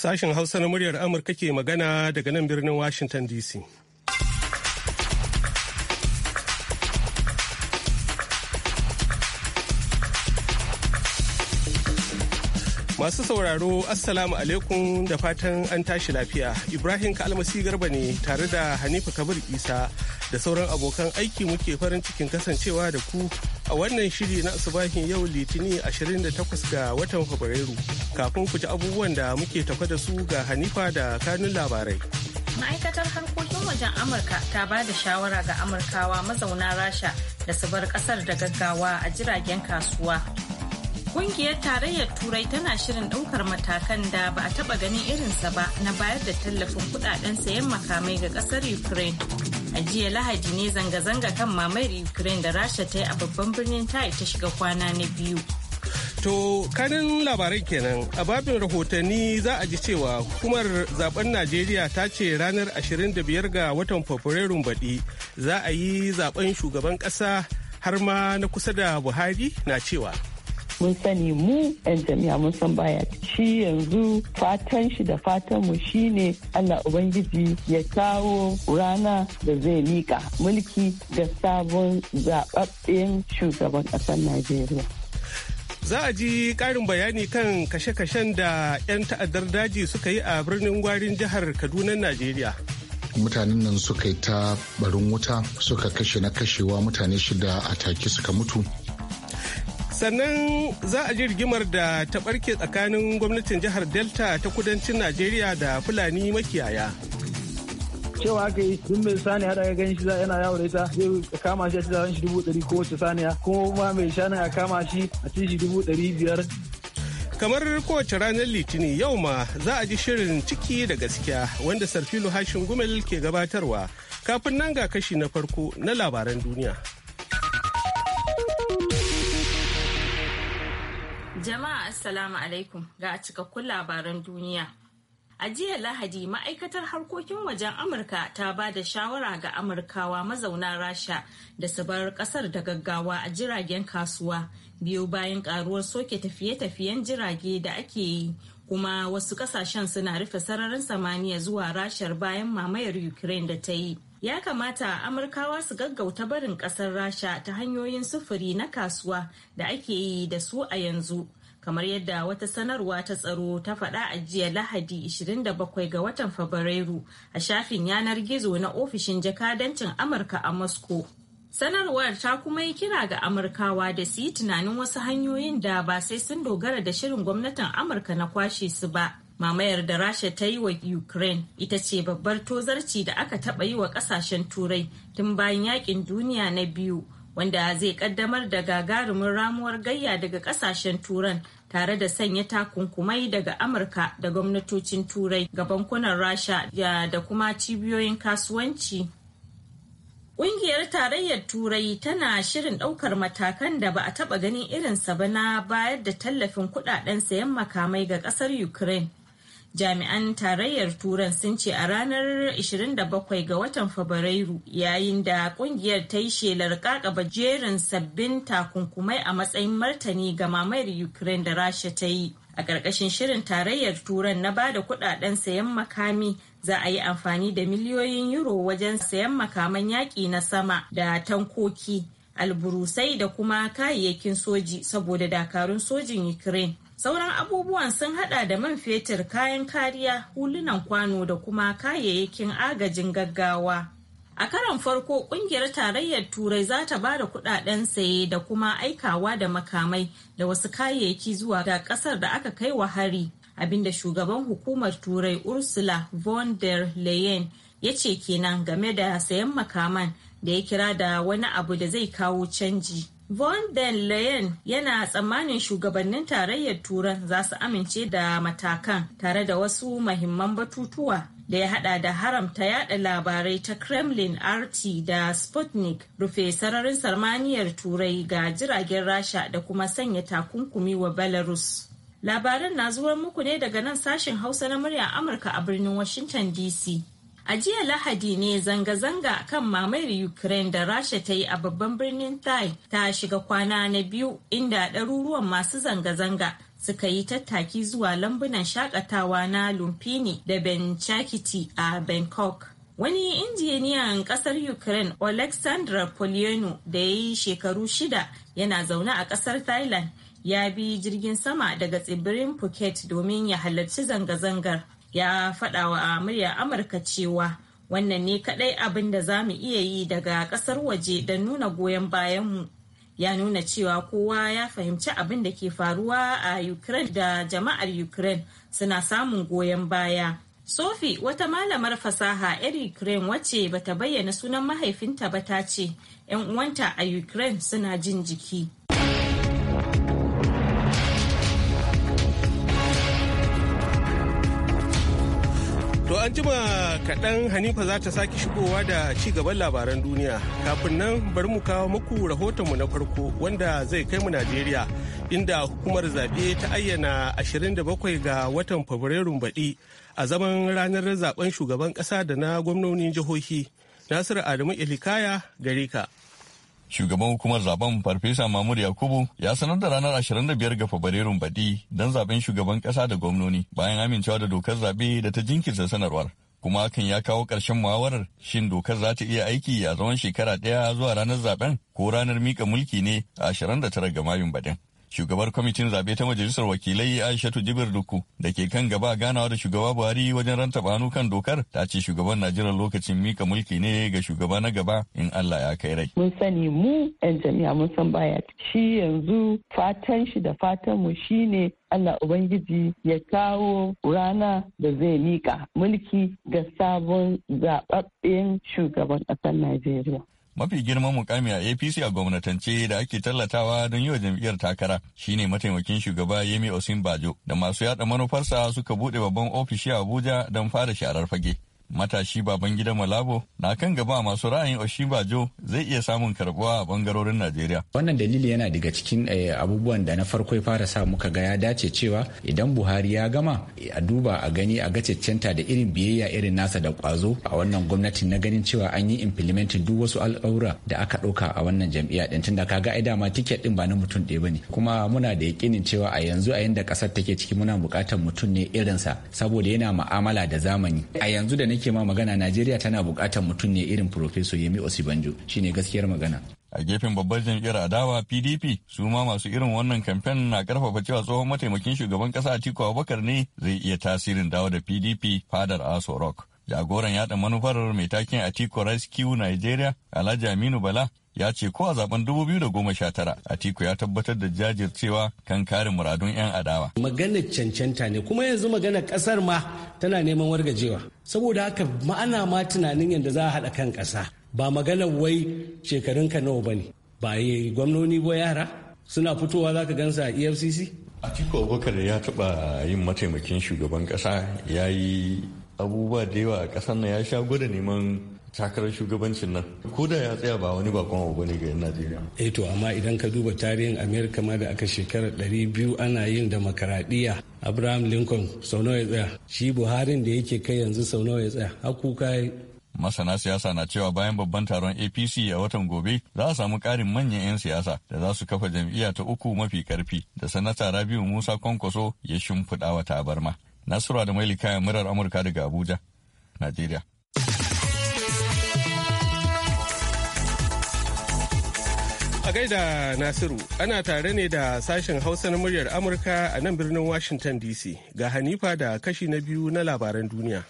Sashen Hausa na muryar Amurka ke magana daga nan birnin Washington DC. Masu sauraro, Assalamu alaikum da fatan an tashi lafiya. Ibrahim Kalmasi Garba ne tare da Hanifa Kabir Isa da sauran abokan aiki muke farin cikin kasancewa da ku a wannan shiri na asubahin yau litini 28 ga watan fabrairu kafin ku ji abubuwan da muke tafa da su ga hanifa da kanun labarai ma'aikatar harkokin wajen amurka ta ba da shawara ga amurkawa mazauna rasha da su bar kasar da gaggawa a jiragen kasuwa Kungiyar tarayyar Turai tana shirin daukar matakan da ba a taba ganin irinsa ba na bayar da tallafin kudaden sayan makamai ga kasar Ukraine. a jiya lahadi ne zanga-zanga kan mamayar ukraine da rasha ta yi a babban birnin tai ta shiga kwana na biyu To kanin labarai kenan a babin rahotanni za a ji cewa hukumar zaben Najeriya ta ce ranar 25 ga watan Fabrairun baɗi za a yi zaben shugaban ƙasa har ma na kusa da Buhari na cewa. mun sani mu 'yan jami'a mun san baya shi yanzu fatan shi da fatan mu shine Allah Ubangiji ya kawo rana da zai miƙa mulki da sabon zababben shugaban ƙasar Najeriya. Za a ji ƙarin bayani kan kashe-kashen da 'yan ta'addar daji suka yi a birnin gwarin jihar Kaduna, Najeriya. mutanen nan suka yi ta barin wuta suka kashe na kashewa mutane shida a take suka mutu sannan za a ji rigimar da ta barke tsakanin gwamnatin jihar delta ta kudancin najeriya da fulani makiyaya cewa aka yi duk mai saniya ga ganin shi yana yawon da ita zai kama shi a ci zaben shi dubu ɗari wacce saniya kuma mai shanu a kama shi a ci shi dubu ɗari biyar kamar kowace ranar litinin yau ma za a ji shirin ciki da gaskiya wanda sarfilu hashin gumel ke gabatarwa kafin nan ga kashi na farko na labaran duniya. Jama'a Assalamu alaikum ga cikakkun labaran duniya. A jiya Lahadi ma'aikatar harkokin wajen Amurka ta ba da shawara ga Amurkawa mazauna Rasha da su bar kasar da gaggawa a jiragen kasuwa biyu bayan karuwar soke tafiye-tafiyen jirage da ake yi kuma wasu kasashen suna rufe sararin samaniya zuwa rashar bayan mamayar Ukraine da ta yi. ya kamata amurkawa su gaggauta barin kasar rasha ta hanyoyin sufuri na kasuwa da ake yi da su a yanzu kamar yadda wata sanarwa ta tsaro ta faɗa a jiya lahadi 27 ga watan fabrairu a shafin yanar gizo na ofishin jakadancin amurka a moscow sanarwar ta kuma yi kira ga amurkawa da su yi tunanin wasu hanyoyin da ba sai sun dogara da shirin gwamnatin amurka na kwashe su ba mamayar da rasha ta yi wa ukraine ita ce babbar tozarci da aka taba yi wa ƙasashen turai tun bayan yakin duniya na biyu wanda zai kaddamar da gagarumin ramuwar gayya daga ƙasashen turan tare da sanya takunkumai daga amurka da gwamnatocin turai ga bankunan rasha da kuma cibiyoyin kasuwanci Ƙungiyar Tarayyar Turai tana shirin ɗaukar matakan da ba a taɓa ganin irinsa ba na bayar da tallafin kuɗaɗen sayan makamai ga ƙasar Ukraine jami'an tarayyar turan sun ce a ranar 27 ga watan fabrairu yayin da kungiyar ta yi shelar kakaba jerin sabbin takunkumai a matsayin martani ga mamayar ukraine da rasha ta yi a ƙarƙashin shirin tarayyar turan na ba da kudaden sayan makami za a yi amfani da miliyoyin euro wajen sayan makaman yaƙi na sama da tankoki alburusai da kuma kayayyakin soji saboda dakarun sojin ukraine Sauran abubuwan sun hada da man fetur, kayan kariya, hulunan kwano da kuma kayayyakin agajin gaggawa. A karon farko kungiyar tarayyar Turai za ta ba da kudaden saye da kuma aikawa da makamai da wasu kayayyaki zuwa ga kasar da aka kai wa hari abinda shugaban hukumar Turai Ursula von der Leyen ya ce kenan game da sayan makaman da ya kira da wani abu da zai kawo canji. Von den Leyen yana tsammanin shugabannin tarayyar Turan za su amince da matakan tare da wasu mahimman batutuwa da ya hada da haramta yada labarai ta Kremlin RT da Sputnik rufe sararin sarmaniyar Turai ga jiragen Rasha da kuma sanya takunkumi wa Belarus. Labaran na zuwar muku ne daga nan sashen Hausa na murya Amurka a birnin Washington DC. A jiya Lahadi ne zanga-zanga kan mamayar Ukraine da Rasha ta yi a babban birnin Thai ta shiga kwana na biyu inda ɗaruruwan masu zanga-zanga suka yi tattaki zuwa lambunan shakatawa na Lumpini da Benchakiti a Bangkok. Wani injiniyan ƙasar Ukraine Oleksandr Polyenu da ya yi shekaru shida yana zaune a ƙasar Thailand ya bi jirgin sama daga tsibirin Phuket domin ya halarci zanga-zangar. ya faɗa wa murya amurka cewa wannan ne kaɗai abin da za mu iya yi daga ƙasar waje don nuna goyon bayanmu ya nuna cewa kowa ya fahimci abin da ke faruwa a ukraine da jama'ar ukraine suna samun goyon baya sofi wata malamar fasaha 'yar ukraine wacce bata bayyana sunan mahaifinta ba ta ce 'yan uwanta a ukraine suna jin jiki an jima kaɗan Hanifa za ta sake shigowa da ci gaban labaran duniya. Kafin nan bari mu kawo muku rahotonmu na farko wanda zai kai mu Najeriya inda hukumar zaɓe ta ayyana 27 ga watan Fabrairun baɗi a zaman ranar zaben shugaban ƙasa da na gwamnonin jihohi. Nasiru Adamu Ilikaya gare ka. Shugaban hukumar zaben Farfesa mamur Yakubu ya sanar da ranar 25 ga Fabrairun baɗi don zaben shugaban ƙasa da gwamnoni bayan amincewa da dokar zaɓe da ta jinkirta sanarwar. Kuma hakan ya kawo ƙarshen muhawarar shin dokar za ta iya aiki a zaman shekara ɗaya zuwa ranar zaben ko ranar mika mulki ne a 29 ga Mayun baɗin. shugabar kwamitin zabe ta majalisar wakilai aishatu jibir duku da ke kan gaba ganawa da shugaba buhari wajen ranta banu kan dokar ta ce shugaban najeriya lokacin mika mulki ne ga shugaba na gaba in allah ya kai rai mun sani mu yan jami'a mun san baya shi yanzu fatan shi da fatan mu shine Allah Ubangiji ya kawo rana da zai mika mulki ga sabon zaɓaɓɓen shugaban ƙasar Najeriya. mafi girman mukami a apc a gwamnatance da ake tallatawa don yi wa jam'iyyar takara shine mataimakin shugaba yemi osinbajo da masu yada manufarsa suka bude babban ofishi a abuja don fara sharar fage Matashi baban gida Malabo na kan gaba masu ra'ayin Oshibajo zai iya samun karbuwa a bangarorin Najeriya. Wannan dalili yana daga cikin eh, abubuwan da na farko ya fara sa muka ga ya dace cewa idan Buhari ya gama a duba a gani a ga cancanta da irin biyayya irin nasa da kwazo a wannan gwamnatin na ganin cewa an yi implementing duk wasu al'aura da aka ɗauka a wannan jam'iyya din tunda kaga ai dama tiket din ba na mutum ɗaya bane kuma muna da yakinin cewa a yanzu a yanda ƙasar take ciki muna buƙatar mutum ne irinsa saboda yana ma'amala da zamani a yanzu da nake nake ma magana najeriya tana bukatar mutum ne irin professor yemi osibanjo shine gaskiyar magana a gefen babbar jam'iyyar adawa pdp su ma masu irin wannan kamfen na karfafa cewa tsohon mataimakin shugaban kasa atiku abubakar ne zai iya tasirin dawo da pdp fadar aso rock jagoran yaɗa manufar mai takin atiku rescue nigeria alhaji aminu bala ya ce ko a zaben 2019 Atiku ya tabbatar da jajircewa kan kare muradun 'yan adawa. Maganar cancanta ne kuma yanzu magana kasar ma tana neman wargajewa. Saboda haka ma'ana ma tunanin yadda za a haɗa kan ƙasa ba maganar wai shekarun ka nawa ba ne. Ba yi gwamnoni ba yara suna fitowa za ka gansa a EFCC. Atiku Abubakar ya taɓa yin mataimakin shugaban ƙasa ya yi abubuwa da yawa a ƙasar nan ya sha gwada neman takarar shugabancin nan ko da ya tsaya ba wani bakon abu ne ga yan najeriya eh to amma idan ka duba tarihin amerika ma da aka shekarar ɗari biyu ana yin demokaradiyya abraham lincoln sau nawa ya tsaya shi buharin da yake kai yanzu sau nawa ya tsaya har kuka masana siyasa na cewa bayan babban taron apc a watan gobe za a samu karin manyan 'yan siyasa da za su kafa jam'iyya ta uku mafi karfi da sanata rabiu musa kwankwaso ya shimfiɗa wa tabarma nasura da mailika murar amurka daga abuja najeriya a gaida Nasiru, ana tare ne da sashen Hausa na muryar Amurka a nan birnin Washington DC ga Hanifa da kashi na biyu na labaran duniya.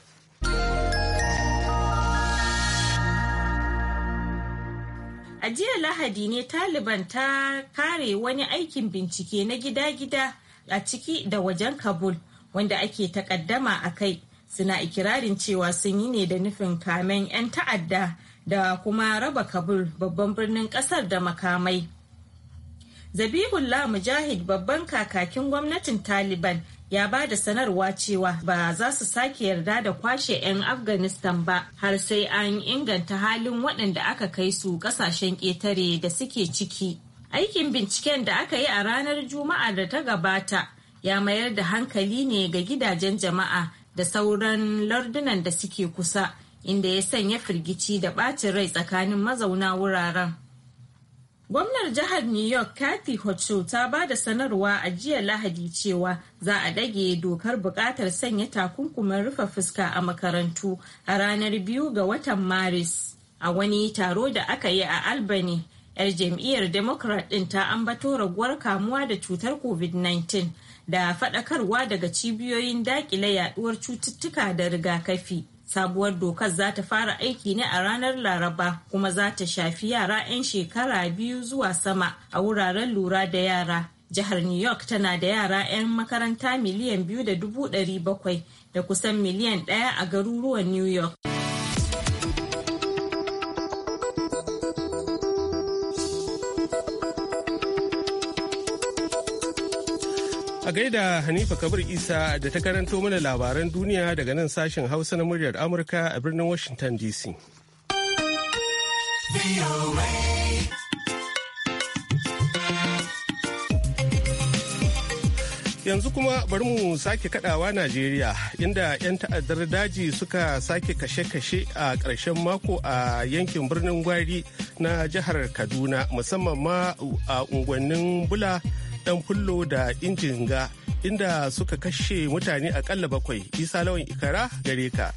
A jiya Lahadi ne Taliban ta kare wani aikin bincike na gida-gida a ciki da wajen Kabul wanda ake takaddama a kai. Suna ikirarin cewa sun yi ne da nufin kamen 'yan ta'adda da kuma raba kabul babban birnin kasar da makamai zabihullah mujahid babban kakakin gwamnatin taliban ya ba da sanarwa cewa ba za su sake yarda da kwashe 'yan afghanistan ba har sai an inganta halin waɗanda aka kai su ƙasashen ƙetare da suke ciki aikin binciken da aka yi a ranar juma'a da ta gabata ya mayar da hankali ne ga gidajen jama'a da sauran lardunan da suke kusa inda ya sanya firgici da ɓacin rai tsakanin mazauna wuraren. Gwamnar jihar New York Kathy Hochul ta ba da sanarwa a jiya Lahadi cewa za a dage dokar buƙatar sanya takunkumin rufe fuska a makarantu a ranar biyu ga watan Maris. A wani taro da aka yi a Albany, 'yar jam'iyyar Democrat ɗin ta ambato raguwar kamuwa da cutar COVID-19 da faɗakarwa daga cibiyoyin daƙile yaɗuwar cututtuka da rigakafi. Sabuwar dokar za ta fara aiki ne a ranar Laraba kuma za ta shafi yara 'yan shekara biyu zuwa sama a wuraren lura da yara. Jihar New York tana da yara 'yan makaranta miliyan biyu da dubu da kusan miliyan ɗaya a garuruwan New York. A gaida Hanifa Kabir Isa da ta karanto mana labaran duniya daga nan sashen Hausa na muryar Amurka a birnin Washington DC. Yanzu kuma bari mu sake kadawa Najeriya inda 'yan ta'addar daji suka sake kashe-kashe a ƙarshen mako a yankin birnin gwari na jihar Kaduna musamman ma a unguwannin Bula. dan fullo da injin ga inda suka kashe mutane akalla bakwai isa lawan ikara gare ka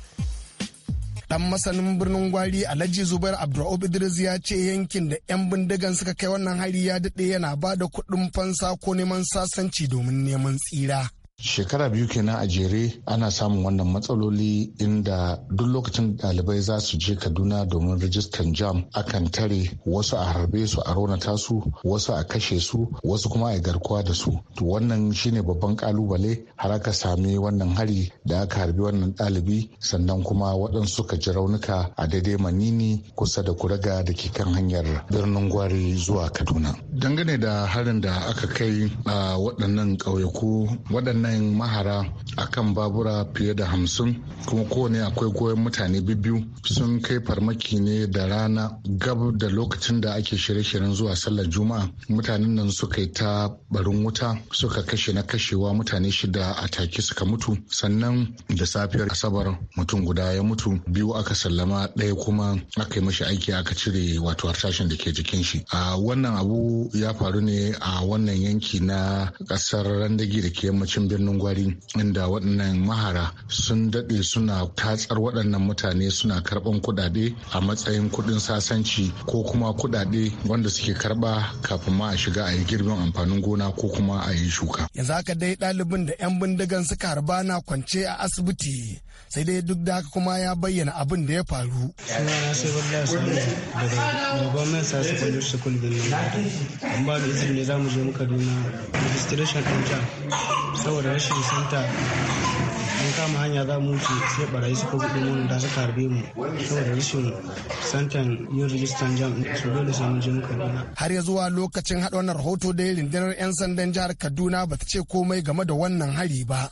dan masanin birnin gwari alhaji zubair abdullahi idris ya ce yankin da 'yan bindigan suka kai wannan hari ya daɗe yana ba da kuɗin fansa ko neman sasanci domin neman tsira shekara biyu kenan a jere ana samun wannan matsaloli inda duk lokacin dalibai za su je kaduna domin rijistan jam akan tare wasu a harbe su a raunata su wasu a kashe su wasu kuma a garkuwa da su to wannan shine babban kalubale har aka sami wannan hari da aka harbi wannan dalibi sannan kuma waɗansu suka ji raunuka a daidai manini kusa da kuraga da ke kan hanyar birnin gwari zuwa kaduna dangane da harin da aka kai a waɗannan ƙauyaku waɗannan bayan mahara akan babura fiye da hamsin kuma kowane akwai goyon mutane biyu sun kai farmaki ne da rana gab da lokacin da ake shirye-shiryen zuwa sallar juma'a mutanen nan suka yi ta barin wuta suka kashe na kashewa mutane shida a take suka mutu sannan da safiyar asabar mutum guda ya mutu biyu aka sallama ɗaya kuma aka yi mashi aiki aka cire wato harsashin da ke jikin shi a wannan abu ya faru ne a wannan yanki na ƙasar randagi da ke yammacin birnin birnin gwari inda waɗannan mahara sun daɗe suna tatsar waɗannan mutane suna karɓan kuɗaɗe a matsayin kuɗin sasanci ko kuma kuɗaɗe wanda suke karɓa kafin ma a shiga a yi girbin amfanin gona ko kuma a yi shuka. Yanzu haka dai ɗalibin da 'yan bindigan suka harba na kwance a asibiti sai dai duk da haka kuma ya bayyana abin da ya faru. Sunana An ba da izini ne za mu je mu Kaduna registration ɗin saboda rashin santa an kama hanya za mu wuce sai barayi suka buɗe mun da suka harbe mu saboda rashin santan yin rijistan jam su dole samun jin kaduna. har ya zuwa lokacin haɗa wannan rahoto da rundunar 'yan sandan jihar kaduna ba ta ce komai game da wannan hari ba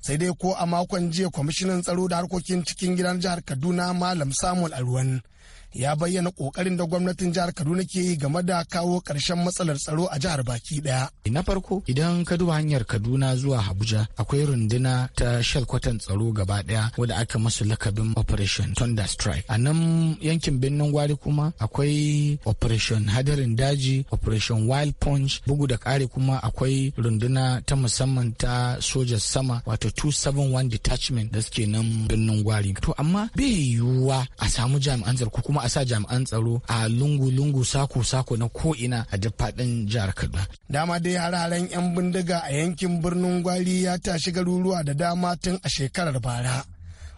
sai dai ko a makon jiya kwamishinan tsaro da harkokin cikin gidan jihar kaduna malam samuel aruwan ya bayyana kokarin da gwamnatin jihar Kaduna ke yi game da kawo karshen matsalar tsaro a jihar baki daya. Na farko idan ka duba hanyar Kaduna zuwa Abuja akwai runduna ta shelkwatan tsaro gaba daya wadda aka masu lakabin Operation Thunder Strike. A nan yankin birnin Gwari kuma akwai Operation Hadarin Daji, Operation Wild Punch, bugu da kare kuma akwai runduna ta musamman ta sojan sama wato 271 detachment da suke nan birnin Gwari. To amma bai yiwuwa a samu jami'an zarku kuma a sa jami'an tsaro a lungu-lungu sako-sako na ko ina a duk faɗin jihar Kaduna. Dama dai hararen 'yan bindiga a yankin birnin Gwari ya tashi garuruwa da dama tun a shekarar bara.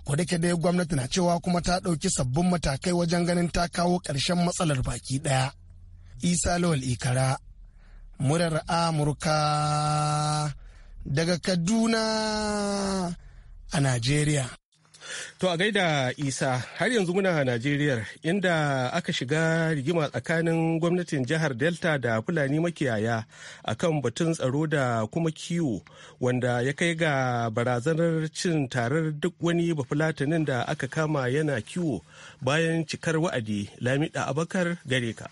kodake dai gwamnati na cewa kuma ta ɗauki sabbin matakai wajen ganin ta kawo ƙarshen matsalar baki ɗaya. Isa Lawal Ikara, murar Amurka daga Kaduna a Najeriya. To a gaida Isa har yanzu muna Najeriya inda aka shiga rigima tsakanin gwamnatin jihar Delta da Fulani makiyaya akan batun tsaro da kuma kiwo wanda ya kai ga barazanar cin tarar duk wani bafulatanin da aka kama yana kiwo bayan cikar wa'adi Lamida Abakar gare ka.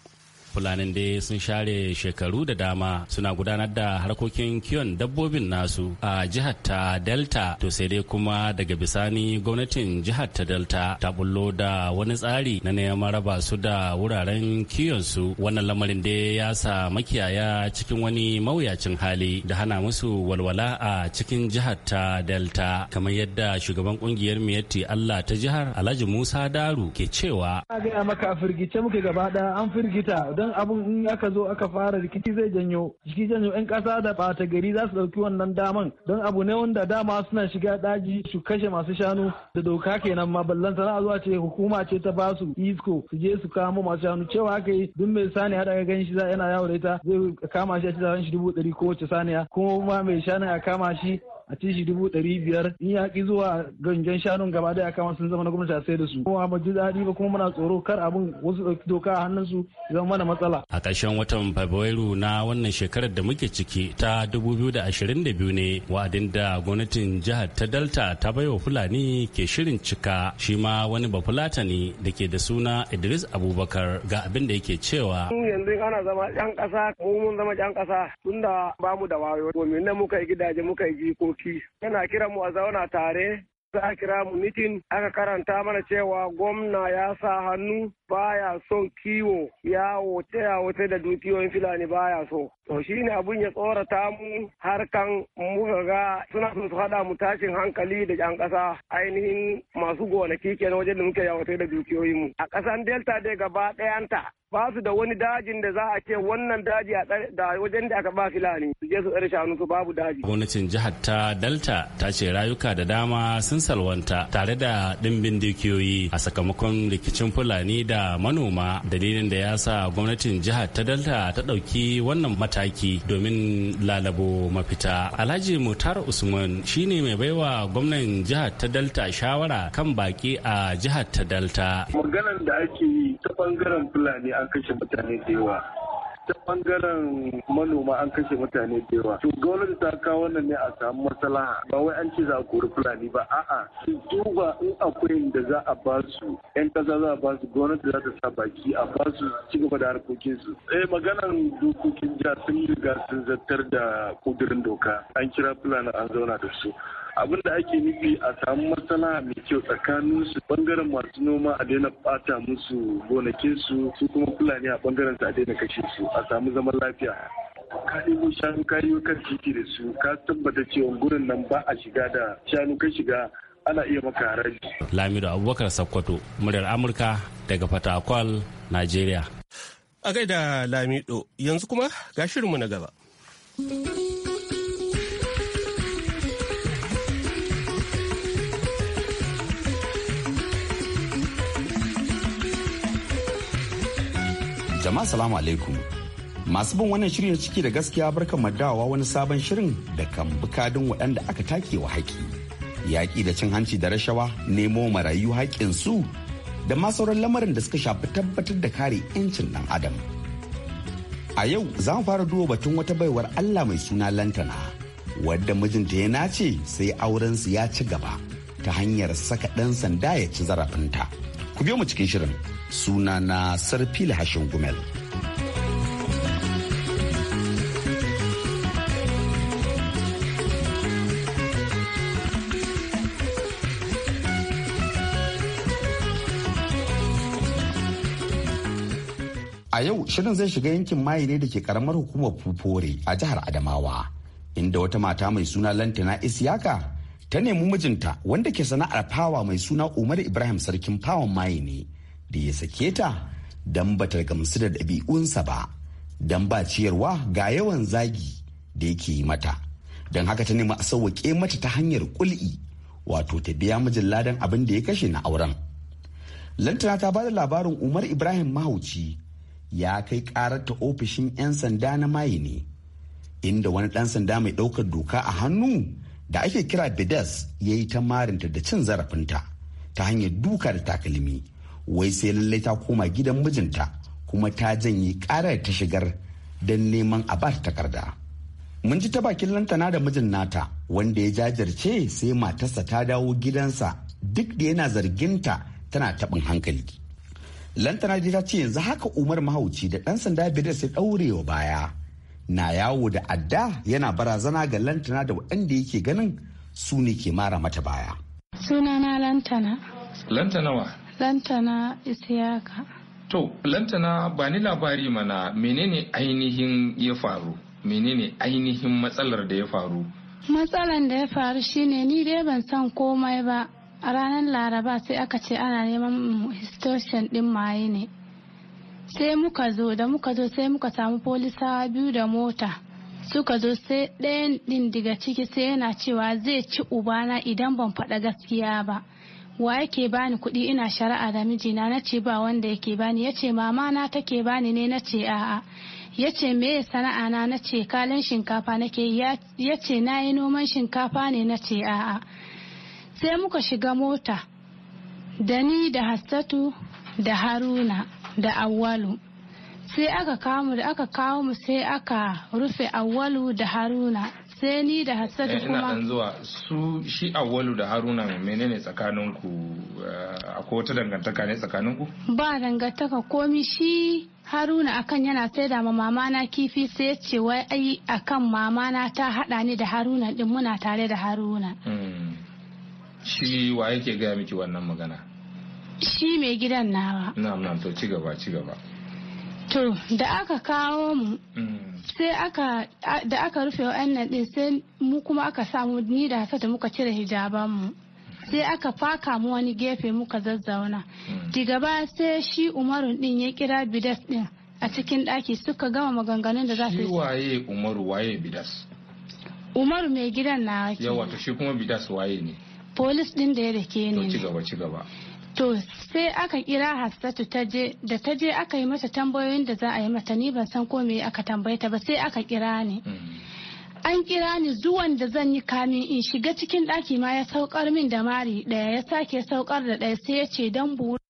fulanin dai sun share shekaru da dama suna gudanar da harkokin kiwon dabbobin nasu a jihar ta delta to sai dai kuma daga bisani gwamnatin jihar ta delta ta bullo da wani tsari na neman raba su da wuraren kiwon su wannan lamarin dai ya sa makiyaya cikin wani mawuyacin hali da hana musu walwala a cikin jihar ta delta kamar yadda shugaban kungiyar miyatti allah ta jihar alhaji musa daru ke cewa maka don abin in aka zo aka fara rikici zai janyo shi janyo yan kasa da bata gari za su dauki wannan daman don abu ne wanda dama suna shiga daji su kashe masu shanu da doka kenan ma ballan sana'a zuwa ce hukuma ce ta ba su isko su je su kamo masu shanu cewa aka yi duk mai saniya da gan shi za yana yawo da ita zai kama shi a cikin shi dubu ɗari kowace saniya kuma mai shanu a kama shi a ci shi dubu ɗari biyar in ya ƙi zuwa ganjen shanun gaba da kama sun zama na gwamnati a sai da su kuma ba ji daɗi ba kuma muna tsoro kar abin wasu ɗauki doka a hannun su zama mana matsala. a ƙarshen watan fabrairu na wannan shekarar da muke ciki ta biyu ne wa'adin da gwamnatin jihar ta delta ta baiwa fulani ke shirin cika shi ma wani bafulatani ne da ke da suna idris abubakar ga abin da yake cewa. yanzu ana zama yan ƙasa ko mun zama yan ƙasa tunda ba mu da wayo domin na muka yi gidaje muka yi jikoki aiki yana kira mu a zauna tare za a kira mu mitin aka karanta mana cewa gwamna ya sa hannu baya son kiwo ya wote ya wote da dukiyoyin filani baya so to shi ne abun ya tsorata mu harkan muka ga suna so su hada mu tashin hankali da yan kasa ainihin masu gonaki kenan wajen da muke yawatai da dukiyoyin mu a kasan delta dai gaba dayanta ba su da wani dajin da za a ce wannan daji da wajen da aka ba filani su je su tsare shanu su babu daji. Gwamnatin jihar ta Delta ta ce rayuka da dama sun salwanta tare da dimbin dukiyoyi a sakamakon rikicin Fulani da manoma dalilin da ya sa gwamnatin jihar ta Delta ta ɗauki wannan mataki domin lalabo mafita. Alhaji Mutar Usman shine mai baiwa gwamnan jihar ta Delta shawara kan baki a jihar ta Delta. Maganar da ake ta bangaren Fulani an kashe mutane da yawa ta bangaren manoma an kashe mutane da yawa to gwamnati ta kawo wannan ne a samu matsala ba wai an ce za a kori fulani ba a'a su duba in akwai da za a ba su yan kasa za a ba su gwamnati za ta sa baki a ba su ci gaba da harkokin su eh maganan dokokin jiha sun riga sun zartar da kudirin doka an kira fulani an zauna da su abin da ake nufi a samu matsala mai kyau tsakanin su bangaren masu noma a daina bata musu gonakin su su kuma fulani a bangaren su a daina kashe su a samu zaman lafiya ka ɗebo shanu ka yi kan titi da su ka tabbata cewa gurin nan ba a shiga da shanu ka shiga ana iya maka haraji. Lamido Abubakar Sakkwato, muryar Amurka daga Fatakwal, nigeria. A gaida Lamido, yanzu kuma ga shirinmu na gaba. Jama'a salamu alaikum. Masu bin wannan shirin ciki da gaskiya barkan dawowa wani sabon shirin da kan bukadin waɗanda aka take wa haƙi. Yaƙi da cin hanci da rashawa nemo marayu haƙƙinsu da ma sauran lamarin da suka shafi tabbatar da kare 'yancin ɗan adam. A yau za mu fara duba batun wata baiwar Allah mai suna Lantana wadda mijinta ya nace sai aurensu ya ci gaba ta hanyar saka ɗan sanda ya ci zarafinta. Ku biyo mu cikin shirin suna na Sarfila Hashin Gumel. A yau shirin zai shiga yankin mayi ne da ke karamar hukumar Fufore a jihar Adamawa, inda wata mata mai suna Lantana Isiyaka ta nemi mijinta wanda ke sana'ar fawa mai suna umar ibrahim sarkin fawon maye ne da ya sake ta don ba ta gamsu da ɗabi'unsa ba don ba ciyarwa ga yawan zagi da yake yi mata don haka ta nemi a sauwaƙe mata ta hanyar kul'i wato ta biya mijin ladan abin da ya kashe na auren lantana ta bada labarin umar ibrahim mahauci ya kai karar ta ofishin 'yan sanda na maye ne inda wani ɗan sanda mai ɗaukar doka a hannu da ake kira Bidas ya yi ta marinta da cin zarafinta ta hanyar duka da takalmi wai sai lallai ta koma gidan mijinta kuma ta janye karar ta shigar don neman a ba takarda. Mun ji ta bakin lantana da mijin nata wanda ya jajirce sai matarsa ta dawo gidansa duk da yana zarginta tana taɓin hankali. Lantana da ta ce yanzu haka Umar mahauci da ɗan sanda Bidas ya ɗaurewa baya. na yawo da adda yana barazana ga lantana da waɗanda yake ganin su ne ke mara mata baya. Sunana lantana. Lantana wa? Lantana isiyaka. To, lantana ba ni labari mana menene ainihin ya faru? Menene ainihin matsalar da ya faru? Matsalar da ya faru shine ni dai ban san komai ba. A ranar Laraba sai aka ce ana neman histoshin ɗin maye ne. sai muka zo da muka zo sai muka samu polisa biyu da mota suka zo sai ɗayan ɗin daga ciki sai yana cewa zai ci ubana idan ban faɗa gaskiya ba wa yake bani kuɗi ina shari'a da mijina na ce ba wanda yake bani ya ce mama na take bani ne na ce a'a ya ce me sana'a na na ce kalan shinkafa nake ya ce na yi noman shinkafa ne na ce a'a sai muka shiga mota da ni da hassatu da haruna da awwalu sai aka kawo da aka kawo mu sai aka rufe awwalu da haruna sai ni da hassadu eh, kuma ina dan zuwa su shi awwalu da haruna menene tsakanin ku eh, akwai wata dangantaka ne tsakanin ku ba dangantaka komi shi haruna akan yana saida ma mama na kifi sai ya ce wai ai akan mama na ta hada ni da haruna din muna tare da haruna hmm. shi wa yake gaya miki wannan magana shi mai gidan nawa na'am to ci gaba ci gaba to da aka kawo mu mm. sai aka da aka rufe wa'annan din sai mu kuma aka samu ni da hasata muka cire hijaban mu sai aka faka mu wani gefe muka zazzauna mm. Diga ba sai shi umaru din ya kira bidas din a cikin daki suka gama maganganun da za su yi waye umaru waye bidas umaru mai gidan na wake yawa to shi kuma bidas waye ne polis din da ya rake ne to ci gaba ci gaba To sai aka kira Hassatu ta je da ta je aka yi mata tambayoyin da za a yi mata ni ban san ko me aka tambaye ta ba sai aka kira ni. Mm. An kira ni zuwan da zan yi kamin in shiga cikin ɗaki ma ya saukar min da mari ɗaya ya sake saukar da ɗaya sai ya ce dan buru.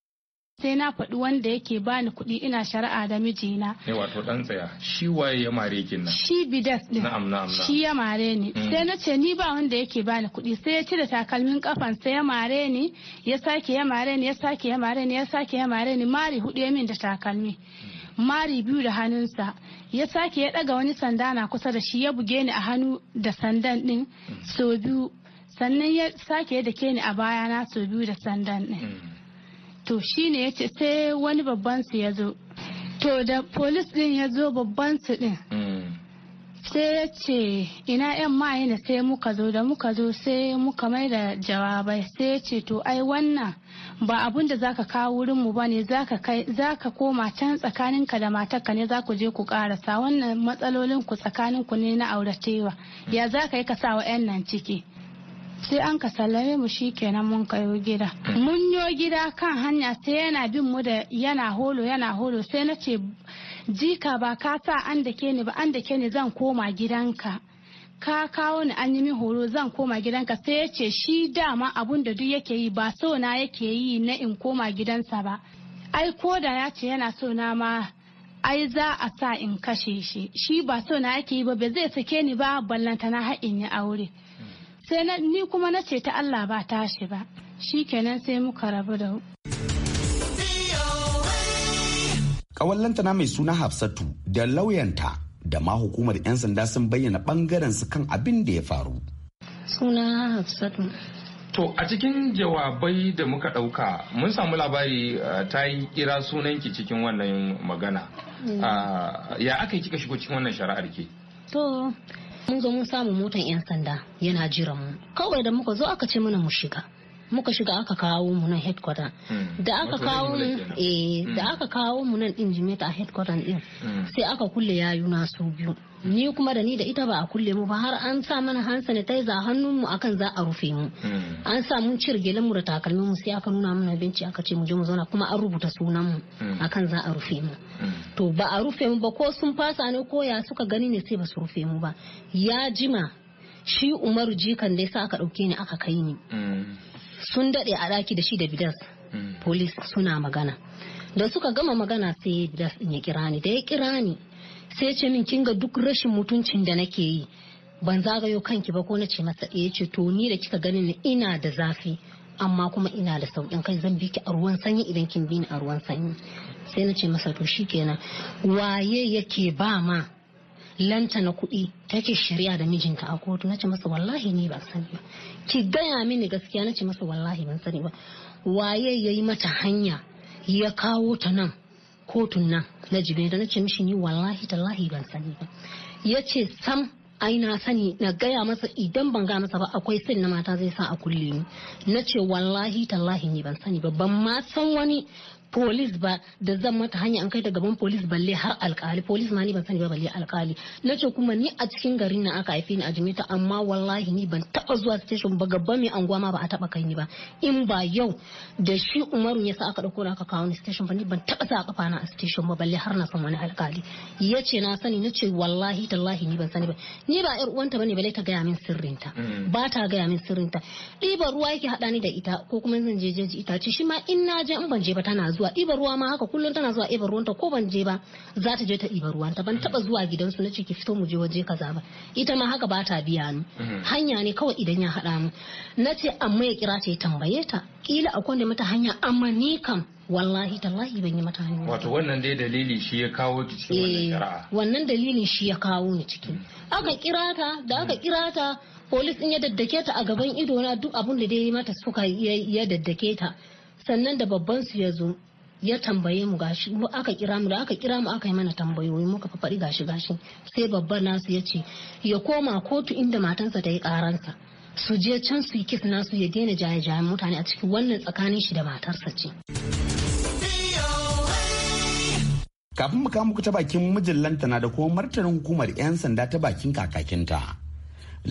sai na faɗi wanda yake bani kuɗi ina shari'a da mijina. Ne wato ɗan tsaya shi waye ya mare kin nan? Shi bidas ɗin. Na'am na'am na'am. Shi ya mare ni. Mm. Sai na ce ni ba wanda yake bani kuɗi sai ya cire takalmin kafan sai ya mare ni ya sake ya mare ni ya sake ya mare ni ya sake ya mare ni mari hudu ya min da takalmi. Mm. Mari biyu da hannunsa ya sake ya ɗaga wani sanda na kusa da shi ya buge ni a hannu da sandan ɗin mm. sau biyu sannan ya sake ya dake ni a bayana sau biyu da sandan ɗin. to shi ne ya ce sai wani babban su ya zo to da polis din ya zo babban su din hmm. sai ya ce ina yan maye da sai muka zo da muka zo sai muka mai da jawabai sai ya ce to ai wannan ba abun da zaka kawo wurin mu bane zaka kai zaka koma can tsakanin ka da matarka ne za ku je ku karasa wannan matsalolin ku tsakanin ku ne na auratewa ya zaka yi ka sa wa yan nan ciki sai an ka sallame mu shi kenan mun kayo gida mun yo gida kan hanya sai yana bin mu da yana holo yana holo sai na ce jika ba ka sa an da ke ni ba an da ke ni zan koma gidanka ka kawo ni an yi min horo zan koma gidanka sai ya ce shi dama abun da duk yake yi ba so na yake yi na in koma gidansa ba ai ko da ya ce yana so na ma ai za a sa in kashe shi shi ba so na yake yi ba bai zai sake ni ba ballanta har in yi aure sai ni kuma na ce ta Allah ba tashi ba shi kenan sai muka rabu da Kawallanta na mai suna Hafsatu da lauyanta da ma hukumar 'yan sanda sun bayyana bangaren su kan abin da ya faru. Suna Hafsatu. To a cikin jawabai da muka ɗauka mun samu labari ta yi kira sunanki cikin wannan magana. Mm. Ya aka yi kika shigo cikin wannan shari'ar ke? To mun zo mun samu motan 'yan sanda yana jiran mu kawai da muka zo aka ce mana mu shiga muka shiga aka kawo mu nan headquarter hmm. da aka kawo mu eh da hmm. aka kawo mu nan din jimeta a headquarter din hmm. sai aka kulle yayuna su biyu ni kuma da ni da ita ba a kulle mu ba har an sa mana hand sanitizer hannun mu akan za a rufe mu hmm. an sa mun cire gelen mu da takalmin mu sai aka nuna mana binci aka ce mu je mu zauna kuma an rubuta sunan mu hmm. akan za a rufe mu hmm. to ba a rufe mu ba ko sun fasa ne ko ya suka gani ne sai ba su rufe mu ba ya jima shi umaru jikan dai sa aka ɗauke ni aka kai ni sun daɗe a ɗaki da shi da bidas police suna magana da suka gama magana sai bidas ya kira ni da ya kira ni sai ce min kinga duk rashin mutuncin da nake yi ban zagayo kanki ba ko na ce masa eh, ya ce to ni da kika ganin ina da zafi amma kuma ina da sauƙin kai zan bi ki a ruwan sanyi idan kin bi ni a ruwan sanyi sai na masa to shikenan waye yake ba ma lanta na kuɗi take shari'a da mijinka a kotu na ce masa wallahi ni ban sani ba ki gaya mini gaskiya na ce masa wallahi ban sani ba waye ya yi mata hanya ya kawo ta nan kotun nan na jibiri na ce mishi ni wallahi tallahi ban sani ba ya ce sam aina sani na gaya masa idan ban ga masa ba akwai sin na mata zai sa a kulle ni na ce wallahi tallahi ni ban sani ba ban ma san wani polis ba da zan mata hanya an kai da gaban polis balle har alkali polis ma ni ban sani ba balle alkali na ce kuma ni a cikin garin na aka haife ni a jimita amma wallahi ni ban taba zuwa station ba gaban mai anguwa ma ba a taba kai ni ba in ba yau da shi umaru ya sa aka dauko na aka kawo ni station ba ni ban taba sa kafa na a station ba balle har na san wani alkali ya ce na sani na ce wallahi tallahi ni ban sani ba ni ba yar uwanta bane balle ta gaya min sirrinta mm. ba ta gaya min sirrinta ɗiban ruwa yake haɗa ni da ita ko kuma zan je je ita ce shi ma in na je in ban je ba tana zuwa zuwa ɗiba ruwa ma haka kullum tana zuwa ɗiban ruwanta ko ban je ba za ta je ta ɗiba ruwanta ban taba zuwa gidansu na ce ki fito mu je waje kaza ba ita ma haka ba ta biya ni mhm. hanya ne kawai idan ya haɗa mu na ce amma ya kira ta ya tambaye ta kila akwai da mata hanya amma ni kam wallahi tallahi ban yi mata hannu wato wannan dai dalili shi ya kawo ki cikin wannan eh, shari'a wannan dalilin shi ya kawo ni ciki mhm. aka kira ta da aka kira ta polis din ya daddake ta a gaban ido na duk abun da dai mata suka ya daddake ta sannan da babban su ya zo ya tambaye mu gashi aka kira mu da aka kira mu aka yi mana tambayoyi muka faɗi gashi gashi sai babban nasu ya ce ya koma kotu inda matansa ta yi karansa su je can su yi kis nasu ya daina jaye jaye mutane a cikin wannan tsakanin shi da matarsa ce. kafin mu kawo muku ta bakin mijin lantana da kuma martanin hukumar 'yan sanda ta bakin kakakinta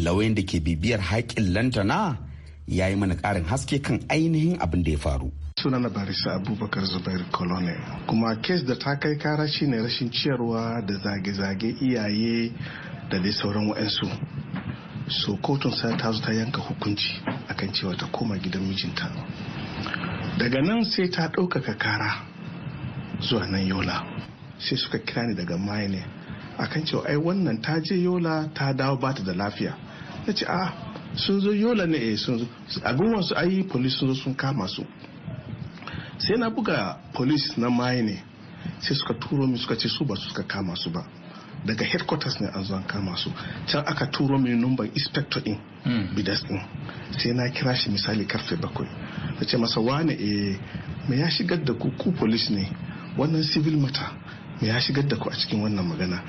lauyan da ke bibiyar haƙƙin lantana ya yi mana ƙarin haske kan ainihin abin da ya faru na barisa abubakar zubair colonel kuma kes da ta kai kara shine rashin ciyarwa da zage-zage iyaye da dai sauran wa'ansu so kotun sa ta zo ta yanka hukunci akan cewa ta koma gidan mijinta daga nan sai ta ɗaukaka kara zuwa nan yola sai suka kira ni daga maye ne akan cewa ai wannan ta je yola ta dawo bata da lafiya na ce a ah, sun zo yola ne eh, sun zo a ayi polis sun zo sun kama su sai na buga police na maye ne sai suka turo min suka ce su ba suka kama su ba daga headquarters ne an zo kama su can aka turo min numban inspector din hmm. bidas din sai na kira shi misali karfe bakwai na ce masa wane eh me ya shigar da ku ku police ne wannan civil mata me ya shigar da ku a cikin wannan magana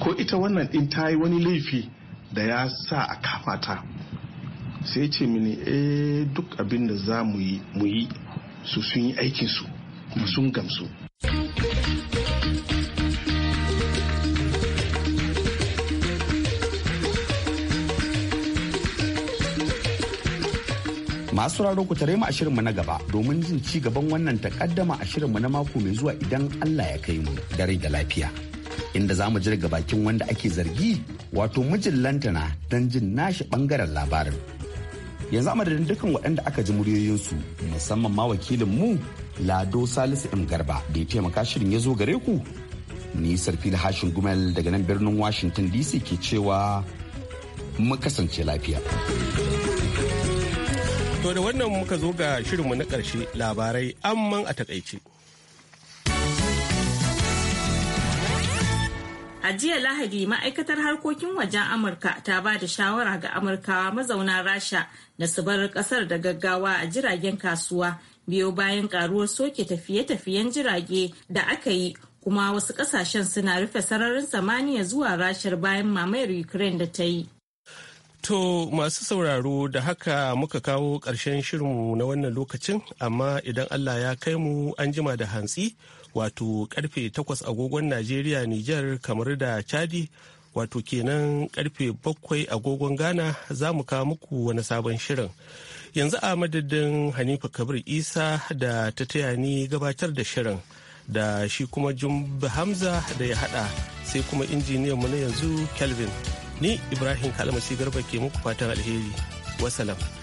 ko ita wannan din ta yi wani laifi da ya sa a kama ta sai ce mini eh duk abin da za mu mu yi su sun yi aikinsu kuma sun gamsu masu raro ku tare mu a shirinmu na gaba domin jin ci gaban wannan takaddama a shirinmu na mako mai zuwa idan Allah ya kai mu dare da lafiya. Inda za mu jirga bakin wanda ake zargi wato mijin lantana don jin nashi bangaren labarin. yanzu a madadin dukkan waɗanda aka ji muryoyinsu musamman ma wakilin mu lado salisu m garba da ya taimaka shirin ya zo gare ku ni da hashin gumel daga nan birnin washington dc ke cewa mu kasance lafiya to da wannan muka zo ga shirinmu na ƙarshe labarai amman a takaice A jiya Lahadi ma'aikatar harkokin wajen Amurka ta ba da shawara ga Amurkawa mazauna Rasha da su bar kasar da gaggawa a jiragen kasuwa biyo bayan karuwar soke tafiye-tafiyen jirage da aka yi kuma wasu kasashen suna rufe sararin samaniya zuwa rashar bayan mamayar Ukraine da ta yi. To masu sauraro da haka muka kawo ƙarshen shirinmu na wannan lokacin amma idan Allah ya kai mu an jima da hantsi. wato karfe takwas agogon Najeriya Nijar kamar da Chadi wato kenan karfe bakwai agogon Ghana za mu kawo muku wani sabon shirin. Yanzu a madadin Hanifa Kabir Isa da ta taya ni gabatar da shirin da shi kuma Jumba Hamza da ya hada sai kuma injiniyan mu na yanzu Kelvin. Ni Ibrahim Kalmasi Garba ke muku fatan alheri. Wasalam.